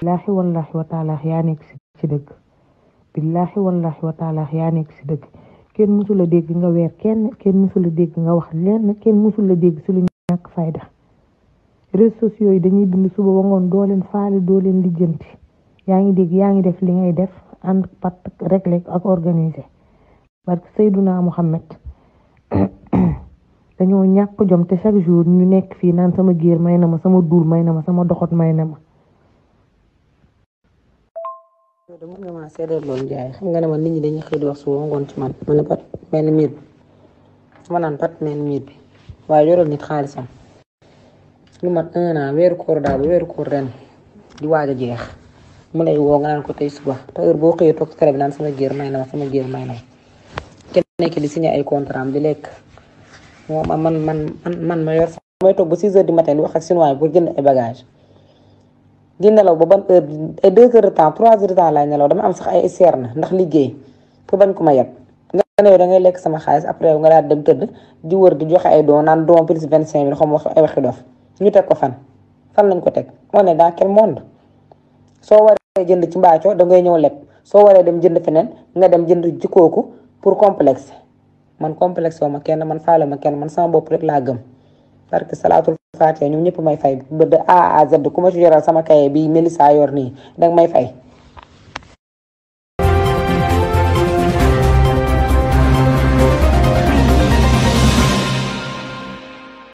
billaahi wallaahi wa taalaax yaa nekk ci dëgg billaahi wallaahi wa taalaax yaa nekk ci dëgg kenn mësul a dégg nga weer kenn kenn mësul a dégg nga wax lenn kenn mësul a dégg su lu ñàkk fayda réseaux sociaux yi dañuy bind suba ba ngoon doo leen faale doo leen lijjanti yaa ngi dégg yaa ngi def li ngay def ànd pat réglé ak organisé parce que Seydouna Mohamed dañoo ñàkk jom te chaque jour ñu nekk fii naan sama géer may na ma sama duul may na ma sama doxot may na ma yow de mun nga maa seedeel loolu Ndiaye xam nga ne man nit ñi dañuy xëy di wax suba ngoon ci man ma ne pat benn miir bi ma naan pat benn miir bi waaye yoral nit xaalisam lu mat un an weeru koor daal ba weeru koor ren di waaj jeex mu lay woo ko tey suba te heure boo xëyee toog si sama géer may na sama géer may na kenn nekk di signé ay contrat di lekk moom man man man man ma yor sax may toog ba six heures du matin di wax ak sinuwaay pour jënd ay bagage di nelaw ba ban heure ay deux heures de temps trois heures de temps laay nelaw dama am sax ay seer na ndax liggéey pour bañ ko ma yeb nga ne yow da ngay lekk sama xaalis après yow nga daal dem tëdd di wër di joxe ay don naan don plus vingt cinq mille xam wax ay waxi dof ñu teg ko fan fan lañ ko teg on est dans quel monde soo waree jënd ci mbaacoo da ngay ñëw lekk soo waree dem jënd feneen nga dem jënd ci kooku pour complexe man complexe wu ma kenn man faale ma kenn man sama bopp rek laa gëm parce que salaatul faatiha ñoom ñëpp may fay ba de A à Z ku ma ci yoral sama kaye bi Melissa yor nii danga may fay.